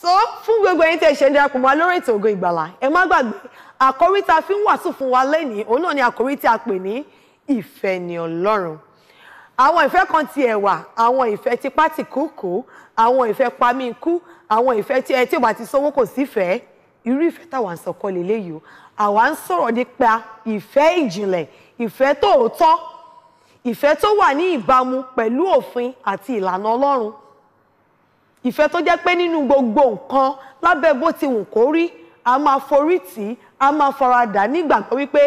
so fún gbogbo ẹ̀yin tẹ́ ṣe ń darapọ̀ mọ́ lórí ètò Ògo Ìgbàlà ẹ má gbàgbé àkórí tá a fi ń wàásù fún wa lẹ́nìí òun náà ni àkórí tí a pè ní ìfẹ́ ni Ọlọ́run àwọn ìfẹ́ kan ti ẹ̀wà àwọn ìfẹ́ ti pátìkúkú àwọn ìfẹ́ pamíkú àwọn ìfẹ́ tí ẹ tí ò bá ti sówó kò sífẹ̀ẹ́ irú ìfẹ́ táwa ń sọ kọ́ lélẹ́yìí o àwa ń sọ̀rọ̀ nípa ìfẹ́ ìjìnlẹ̀ ìfẹ́ tòótọ́ ìfẹ́ tó wà ní ìbámu pẹ̀lú òfin àti ìlànà Ọlọ́run ìfẹ́ tó jẹ́ pé nínú gbogbo nǹkan lábẹ́ bó ti wù kó rí a máa forí tì í a máa faradà nígbàgbọ́ wípé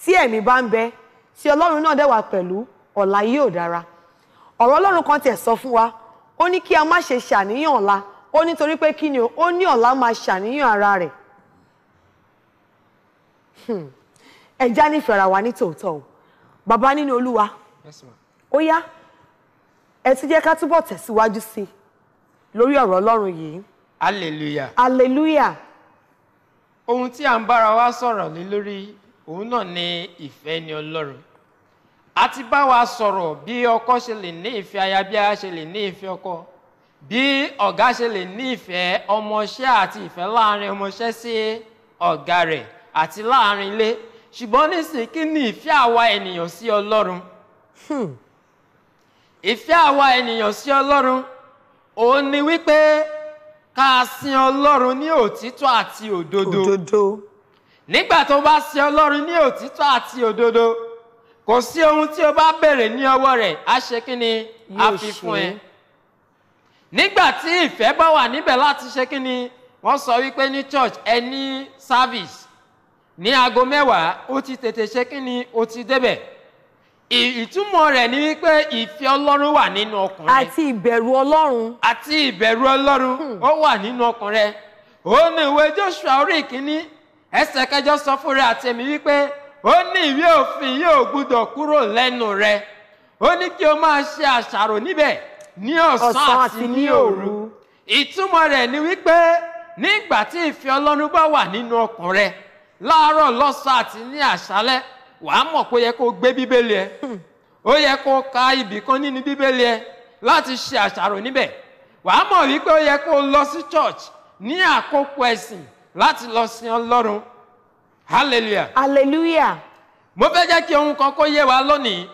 tí ẹ̀mí bá ń bẹ tí ọlọ́run náà dẹ̀ pẹ̀lú ọ̀la yìí dára ọ̀rọ̀ ọlọ́run kan tiẹ̀ sọ fún wa ó ní kí a má ṣe ṣàníyàn ọ̀la ó nítorí pé kí ni ó ní ọ̀la máa ṣàníyàn ara rẹ̀ hmm, ẹja nífẹ̀ẹ́ ara wa ní tòótọ́ o bàbá nínú olúwa ó yá ẹ tún jẹ́ ká túbọ̀ tẹ̀síwájú sí i lórí ọ̀rọ̀ Ọlọ́run yìí. hallelujah. hallelujah. ohun tí a ń bára wa sọ̀rọ̀ lé lórí òun náà ni ìfẹ́ ni Ọlọ́run a ti bá wa sọ̀rọ̀ bí ọkọ ṣe lè ní ìfẹ́ aya bí aya ṣe lè ní ìfẹ́ ọkọ bí ọ̀gá ṣe lè ní ìfẹ́ ọmọọṣẹ́ àti ìfẹ́ láàrin ọmọọṣẹ́ sí ọ̀gá rẹ̀ àti láàrin ilé ṣùgbọ́n nísìnyí kí ni ìfẹ́ àwa ènìyàn sí Ọlọ́run hmm. ìfẹ́ àwa ènìyàn sí Ọlọ́run òun ni wípé ká sin ọlọ́run ní òtítọ́ àti òdodo. òdodo. nígbà tó bá sin ọlọ́run ní òtítọ́ àti òdodo kò sí ohun tí o bá béèrè ní ọwọ́ rẹ̀ á ṣe kí ni á fi fún ẹ. nígbà tí ìfẹ́ bá wà níbẹ̀ láti ṣe kí ni wọ́n sọ wípé ní church ẹ service ní aago mẹ́wàá ó ti tètè ṣe kí ni ó ti débẹ̀ ìtumọ̀ rẹ̀ ni wípé ìfẹ́ ọlọ́run wà nínú ọkàn rẹ. àti ìbẹ̀rù ọlọ́run. àti ìbẹ̀rù ọlọ́run hmm. ó wà nínú ọkàn rẹ. ó ní ìwé Joshua orí ìkíní ẹsẹ̀ kẹjọ sọ fún rẹ àti èmi wípé ó ní ìwé òfin yóò gbúdọ̀ kúrò lẹ́nu rẹ. ó ní kí o máa ṣe àṣàrò níbẹ̀ ní ọ̀sán àti ní òru. ìtumọ̀ rẹ̀ ni wípé nígbà tí ìfẹ́ ọlọ́run bá wà nínú ọkàn rẹ láàárọ̀ lọ́sàn àti ní àṣálẹ́ wàá mọ̀ pé ó yẹ kó gbé bíbélì ẹ ó yẹ kó ka ibì kan nínú bíbélì ẹ láti ṣe àṣàrò níbẹ̀ wàá mọ̀ wípé ó yẹ kó lọ sí church ní àkókò ẹ̀sìn láti lọ sin ọlọ́run hallelujah. hallelujah. mo fẹ́ jẹ́ kí ohun kan kó yé wa lónìí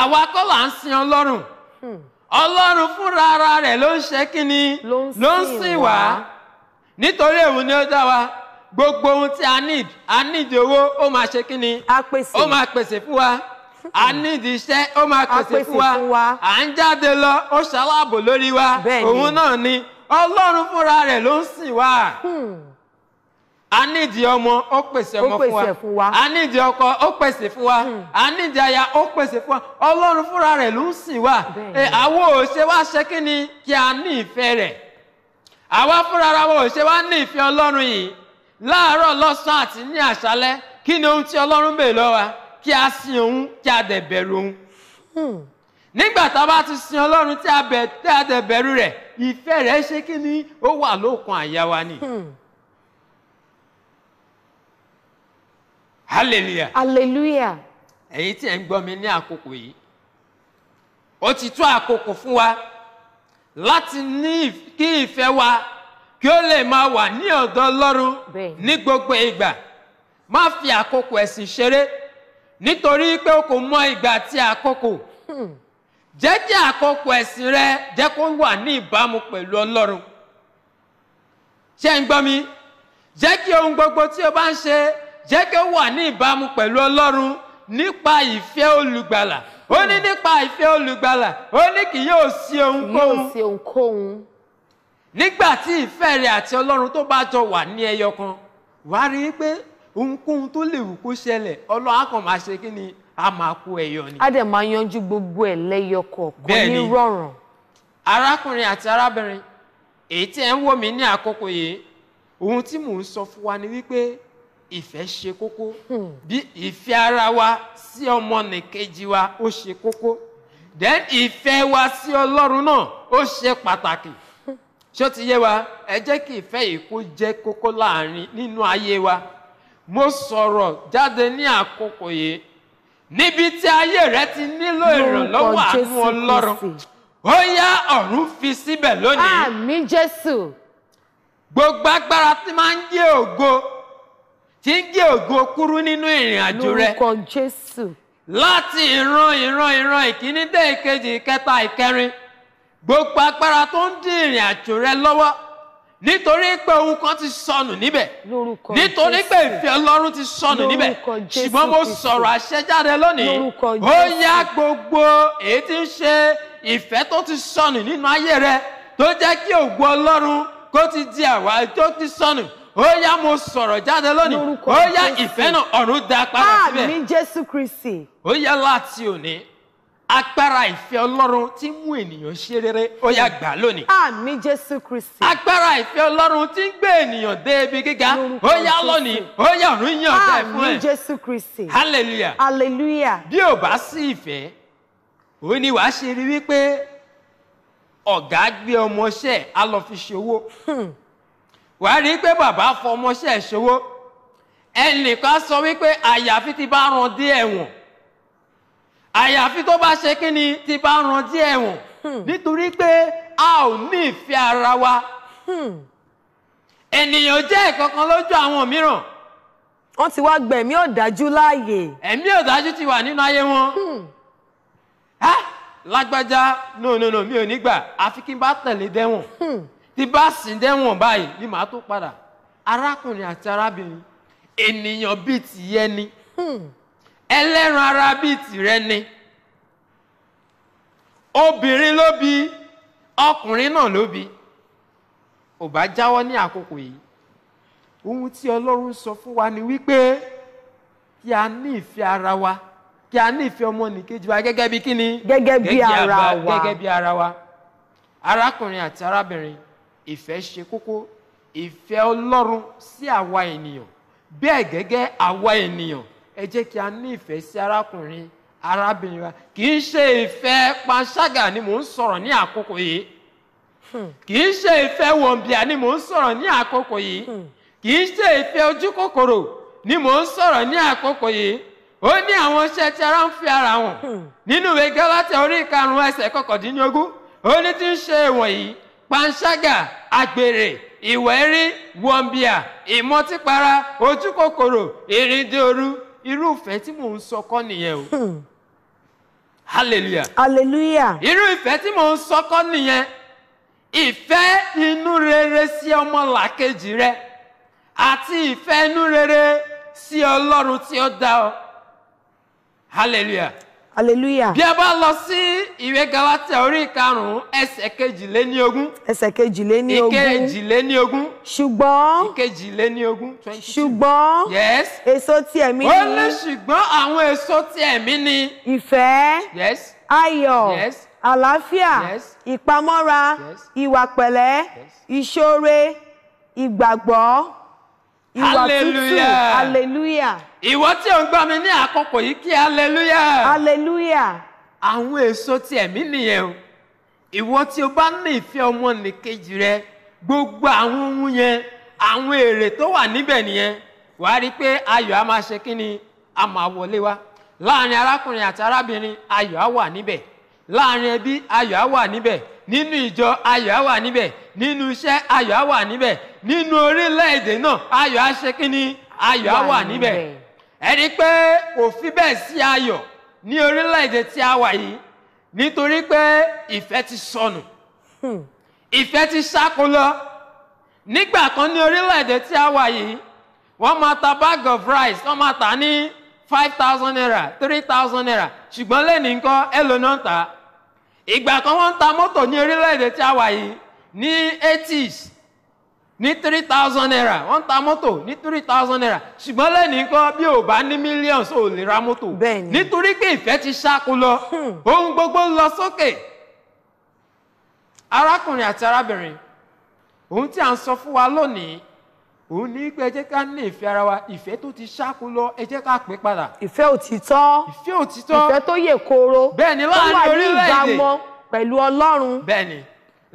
àwa kọ́ là ń sin ọlọ́run hmm. ọlọ́run fúnra ara rẹ̀ ló ń ṣe kínni ló ń sìn wá nítorí èwo ni ó dá wa gbogbo ohun tí a need a need owó ó máa ṣe kí ni ó máa pèsè fún wa a nídìí iṣẹ́ ó máa pèsè fún wa à ń jáde lọ ó ṣaláàbò lórí wa òun náà ni ọlọ́run fúnra rẹ̀ ló ń sìn wá hmm. a nídìí ọmọ ó pèsè ọmọ fún wa a nídìí ọkọ ó pèsè fún wa hmm. a nídìí aya ó pèsè fún wa ọlọ́run fúnra rẹ̀ ló ń sìn wá àwo ò wá ṣe kí ni kí a ní ìfẹ́ rẹ̀ àwa fúnra wa ò wá ní ìfẹ́ ọlọ́run yìí láàárọ̀ lọ́sàn-án àti ní àṣálẹ́ kí ni ohun tí ọlọ́run bèè lọ́wọ́ wa kí a sin òun kí a dẹ̀ bẹ̀rù òun. Hmm. nígbà tá a bá ti sin ọlọ́run tí a dẹ̀ bẹ̀rù rẹ̀ ìfẹ́ rẹ̀ ṣe kí ni ó wà lókun àyà wa ni. Hmm. hallelujah. hallelujah. ẹ̀yin tí ẹ̀ ń gbọ́ mi ní àkókò yìí ó ti tó àkókò fún wa láti ní kí ìfẹ́ wa kí ó lè máa wà ní ọ̀dọ̀ Ọlọ́run ní gbogbo ìgbà má fi àkókò ẹ̀sìn ṣeré nítorí pé o kò mọ ìgbà àti àkókò hmm. jẹ́ kí àkókò ẹ̀sìn rẹ jẹ́ kó wà ní ìbámu pẹ̀lú Ọlọ́run ṣé ń gbọ́ mi jẹ́ kí ohun gbogbo tí o bá ń ṣe jẹ́ kí ó wà ní ìbámu pẹ̀lú Ọlọ́run nípa ìfẹ́ olùgbàlà ó ní hmm. nípa ìfẹ́ olùgbàlà ó ní kì yóò sí ohunkóhun. nígbà tí ìfẹ́ rẹ̀ àti ọlọ́run tó bá jọ wà ní ẹyọ kan wà á rí i pé ohunkóhun tó lè wù kó ṣẹlẹ̀ ọlọ́run á kàn máa ṣe kí ni a máa kó ẹyọ ni. a dẹ̀ máa yanjú gbogbo ẹ̀ lẹ́yọ kọ̀ọ̀kan ní rọ̀rùn. arákùnrin àti arábìnrin èyí tí ẹ ń wò mí ní àkókò yìí ohun tí mò ń sọ fún wa ni wípé ìfẹ́ ṣe kókó hmm. bí ìfẹ́ ara wa sí ọmọnìkejì wa ó ṣe kókó then ìfẹ́ wa sí ọlọ́run náà ó ṣe pàtàkì ṣé ó ti yé wa ẹ jẹ́ kí ìfẹ́ yìí kó jẹ́ kókó láàrin nínú ayé wa mo sọ̀rọ̀ jáde ní àkókò yìí níbi tí ayé rẹ ti nílò ìrànlọ́wọ́ àánú ọlọ́run ó yá ọ̀run fi síbẹ̀ lónìí. àmín jésù. gbogbo agbára tí máa ń gé ògo tí ń gé ògo kúrú nínú ìrìn àjò rẹ. lórúkọ jésù. láti ìran ìran ìran ìkíní dé ìkejì ìkẹta ìkẹrin gbogbo agbára tó ń dín ìrìn àjò rẹ lọ́wọ́ nítorí pé ohun kan ti sọnù níbẹ̀ nítorí pé ìfẹ́ Ọlọ́run ti sọnù níbẹ̀ ṣùgbọ́n mo sọ̀rọ̀ àṣẹjáde lónìí ó yá gbogbo èyí tí ń ṣe ìfẹ́ tó ti sọnù nínú ayé rẹ tó jẹ́ kí ògo Ọlọ́run kó ti di àwa tó ti sọnù ó yá mo sọ̀rọ̀ jáde lónìí ó yá ìfẹ́ náà ọ̀run dá padà síbẹ̀ ó yá láti òní agbára ìfẹ́ ọlọ́run tí ń mú ènìyàn ṣe rere ó yá gbà lónìí. àmì jésù kristi. agbára ìfẹ́ ọlọ́run tí ń gbé ènìyàn dé ibi gíga ó yá lónìí ó yá ọ̀run yàn dá fún ẹ. àmì jésù kristi. hallelujah. hallelujah. bí ò bá sí ìfẹ́ ó ní wàá ṣe rí wípé ọ̀gá gbé ọmọọṣẹ́ á lọ fi ṣòwò hmm. wàá rí i pé bàbá fọ ọmọọṣẹ́ ṣòwò ẹnìkan sọ wípé àyàfi ti bá rán dé ẹ̀wọ̀n àyàfi tó bá ṣe kí ni ti bá rántí ẹ̀wọ̀n hmm. nítorí pé a ò ní ìfẹ́ ara wa hmm. ènìyàn jẹ́ ìkankan lójú àwọn mìíràn. wọ́n ti wá gbẹ̀mí ọ̀dájú láàyè. ẹ̀mí ọ̀dájú ti wà nínú ayé wọn. Hmm. lágbájá no no no mi ò ní gbà àfi kí n bá tẹ̀lé dẹ́wọ̀n tí bá sì dẹ́wọ̀n báyìí ni màá tó padà arákùnrin àti arábìnrin ènìyàn bíi tìyẹ ni ẹlẹ́ran ara bíi tìrẹ ni obìnrin ló bí ọkùnrin náà ló bí ò bá jáwọ́ ní àkókò yìí ohun tí ọlọ́run sọ fún wa ni wípé kí a ní ìfẹ́ ara wa kí a ní ìfẹ́ ọmọnìkejì wa gẹ́gẹ́ bí kíni gẹ́gẹ́ bí ara wa gẹ́gẹ́ bí ara wa arákùnrin àti arábìnrin ìfẹ́ ṣe kókó ìfẹ́ ọlọ́run sí àwa ènìyàn bẹ́ẹ̀ gẹ́gẹ́ àwa ènìyàn ẹ jẹ́ kí a ní ìfẹ́ sí arákùnrin arábìnrin wa kì í ṣe ìfẹ́ panṣágà ni mò ń sọ̀rọ̀ ní àkókò yìí hmm. kì í ṣe ìfẹ́ wọ̀nbíà ni mò ń sọ̀rọ̀ ní àkókò yìí hmm. kì í ṣe ìfẹ́ ojú kòkòrò ni mò ń sọ̀rọ̀ ní àkókò yìí ó ní àwọn iṣẹ́ tí ara ń fi ara wọn hmm. nínú ìwé Gálátíà orí karùn-ún ẹsẹ̀ kọkàndínlógún ó ní tí ń ṣe wọ̀nyí panṣágà àgbèrè ìwẹ́rí wọ̀nbíà ìmọtípara ojú kòkòrò ìrìndòru irúfẹ́ tí mò ń sọ nìyẹn o hmm. hallelujah hallelujah irú ìfẹ́ tí mò ń sọ nìyẹn ìfẹ́ inú rere sí ọmọlàkejì rẹ àti ìfẹ́ inú rere sí ọlọ́run tí ó dá ọ hallelujah hallelujah. bí ẹ bá lọ sí ìwé Gálátíà orí ìkarùn-ún ẹsẹ̀ kejìléníogún. ẹsẹ̀ kejìléníogún. ìkejìléníogún. ṣùgbọ́n. ìkejìléníogún. ṣùgbọ́n. yes. èso ti ẹ̀mí ni. ó lè ṣùgbọ́n àwọn èso ti ẹ̀mí ni. ìfẹ́. yes. ayọ̀. yes. àlàáfíà. yes. ìpamọ́ra. yes. ìwà pẹ̀lẹ́. yes. ìṣoore. ìgbàgbọ́. Hallelujah! hallelujah. ìwọ tí ò ń gbọ́ mi ní àkókò yìí kí hallelujah. hallelujah. àwọn èso ti ẹ̀mí nìyẹn o ìwọ tí o bá ní ìfẹ́ ọmọnìkejì rẹ gbogbo àwọn ohun yẹn àwọn èrè tó wà níbẹ̀ nìyẹn wàá rí i pé ayọ̀ á máa ṣe kí ni a máa wọlé wá láàrin arákùnrin àti arábìnrin ayọ̀ á wà níbẹ̀ láàrin ẹbí ayọ̀ á wà níbẹ̀ nínú ìjọ ayọ̀ á wà níbẹ̀ nínú iṣẹ́ ayọ̀ á wà níbẹ̀ nínú orílẹ̀-èdè náà ayọ̀ á ṣe kínní ayọ̀ á wà níbẹ̀ ẹni pé kò fi bẹ́ẹ̀ sí ayọ̀ ní orílẹ̀-èdè tí a wà yìí nítorí pé ìfẹ́ ti sọnù hmm. ìfẹ́ ti ṣákun nígbà kan ní orílẹ̀-èdè tí a wà yìí wọ́n máa ta bag of rice wọ́n máa ta ní five thousand naira three thousand naira ṣùgbọ́n lẹ́nu nǹkan èlò náà ta ìgbà kan wọ́n ń ta mọ́tò ní orílẹ̀-èdè tí a wà yìí ní eighties ní three thousand naira wọ́n ń ta mọ́tò ní three thousand naira ṣùgbọ́n lẹ́nu nǹkan bí ò bá ní millions o lè ra mọ́tò nítorí pé ìfẹ́ ti ṣáko lọ hmm. ohun gbogbo lọ sókè arákùnrin àti arábìnrin ohun tí a ń sọ fún wa lónìí òun ní pé ẹ jẹ́ ká ní ìfẹ́ ara wa ìfẹ́ tó ti ṣáko lọ ẹ jẹ́ ká pín padà. ìfẹ́ òtítọ́ ìfẹ́ òtítọ́ ìfẹ́ tó yè kooro bẹ́ẹ̀ni láàrin orílẹ̀-èdè tó wà ní ìbámu pẹ̀lú ọlọ́run. bẹ́ẹ̀ni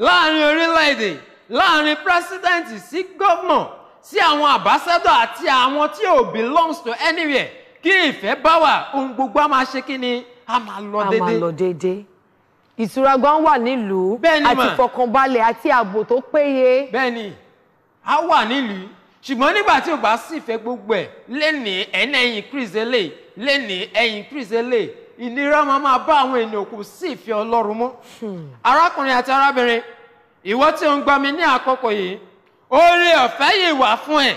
láàrin orílẹ̀-èdè láàrin pírẹsidẹ́ǹtì sí gọ́vnọ̀ sí àwọn àbáṣẹ́dọ̀ àti àwọn tí ò belongs to anywhere kí ìfẹ́ bá wà ohun gbogbo a máa ṣe kí ni a máa lọ déédéé. a máa lọ déédéé ìtura gan wà nílùú àti ìfọkànbalẹ̀ àti ààbò tó péye. bẹ́ẹ̀ni a wà nílùú ṣùgbọ́n nígbà tí o bá sì fẹ́ gbogbo ẹ̀ lẹ́ni ẹ̀yìn ẹ̀yìn increase lè lẹ́ni ẹ̀yìn increase lè ìnira máa máa bá àwọn ènìyàn kò sí ìfẹ́ ọlọ́run mọ́. Hmm. arákùnrin àti arábìnrin ìwọ tí ò ń gbà mí ní àkókò yìí oore ọ̀fẹ́ yìí wà fún ẹ̀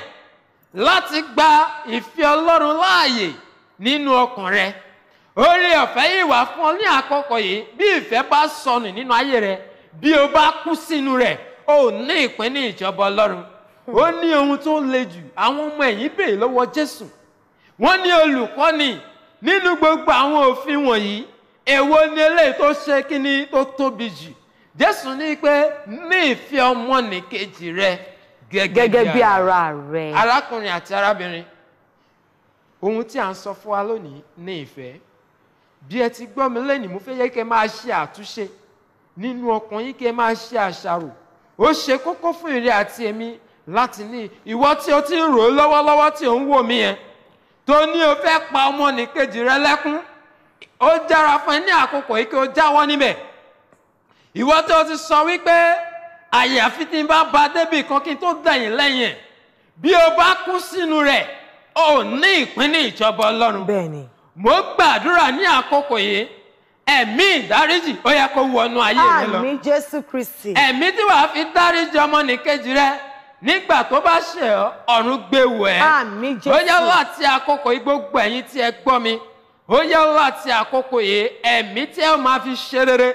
láti gba ìfẹ́ ọlọ́run láàyè nínú ọkàn rẹ oore ọ̀fẹ́ yìí wà fún ọ ní àkókò yìí bí ìfẹ́ bá sọnù nínú ayé rẹ bí o bá kú sínú rẹ o ní ìpín ní ìjọba ọlọ́run ó ní ohun tó le jù àwọn ọmọ ẹ̀yìn béèrè lọ́wọ́ jésù wọ́n ní olùkọ́ni nínú gbogbo àwọn òfin wọ̀nyí èwo ni eléyìí tó ṣe kíní tó tóbi jù jésù ní pé ní ìfẹ́ ọmọnìkejì rẹ gẹ́gẹ́ bí ara rẹ arákùnrin àti arábìnrin ohun tí à ń sọ fún wa lónìí ní ìfẹ́ bí ẹ ti gbọ́ mi lẹ́nìí mo fẹ́ yẹ kẹ́ máa ṣe àtúnṣe nínú ọkàn yín kẹ́ máa ṣe àṣàrò ó ṣe kókó fún ìrẹ àti èmi láti ní ìwọ tí o ti ń rò lọ́wọ́lọ́wọ́ tí o ń wò mí yẹn tó ní o fẹ́ pa ọmọnìkejì rẹ lẹ́kún ó jára fún ẹ ní àkókò yìí kí o jáwọ́ níbẹ̀ ìwọ tí o ti sọ wípé àyàfi tí n bá ba débì kan kí n tó dẹ̀yìn lẹ́yìn ẹ̀ bí o bá kú sínú rẹ̀ o ní ìpín ní ìjọba ọlọ́run bẹ́ẹ̀ni mo gbàdúrà ní àkókò yìí ẹ̀mí ìdáríjì ó yẹ kó wọnú ayé rẹ lọ àmì jésù kristi ẹ̀mí tí wàá fi dáríjì ọmọnìkejì rẹ nígbà tó bá ṣẹ̀ ọ́ ọ̀run gbé wẹ̀ ẹ́. àmín jésù. ó yá láti àkókò yìí gbogbo ẹ̀yin tí ẹ gbọ́ mi ó yá láti àkókò yìí ẹ̀mí tí ẹ máa fi ṣe rere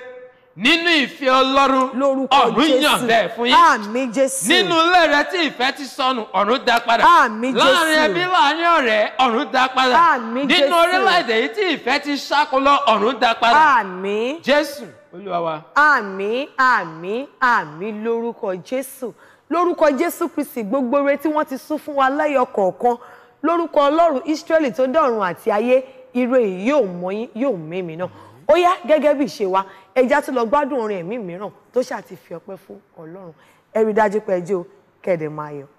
nínú ìfẹ́ ọlọ́run ọ̀run yàn bẹ́ẹ̀ fún yín àmín jésù nínú ilé rẹ tí ìfẹ́ ti sọnù ọ̀run dá padà àmín jésù láàrin ẹbí láàrin ọ̀rẹ́ ọ̀run dá padà àmín jésù nínú orílẹ̀-èdè yìí tí ìfẹ́ ti ṣákólọ ọ̀run dá padà àmín jésù olúwa wa. àmín àmín àmín lórúkọ jésù lórúkọ jésù kristi gbogbo ire tí wọ́n ti sún fún wa lẹ́yọ kọ̀ọ̀kan lórúkọ ọlọ́run israẹli tó dọ̀run àti ayé ire yìí yóò mọyín yóò mímì náà ó yá gẹ́gẹ́ bí ìṣe wa ẹja tó lọ gbádùn orin ẹ̀mí mìíràn tó ṣáà ti fún ọlọ́run ẹ dájú pé ẹjọ́ kẹ̀dẹ̀ máa yọ̀.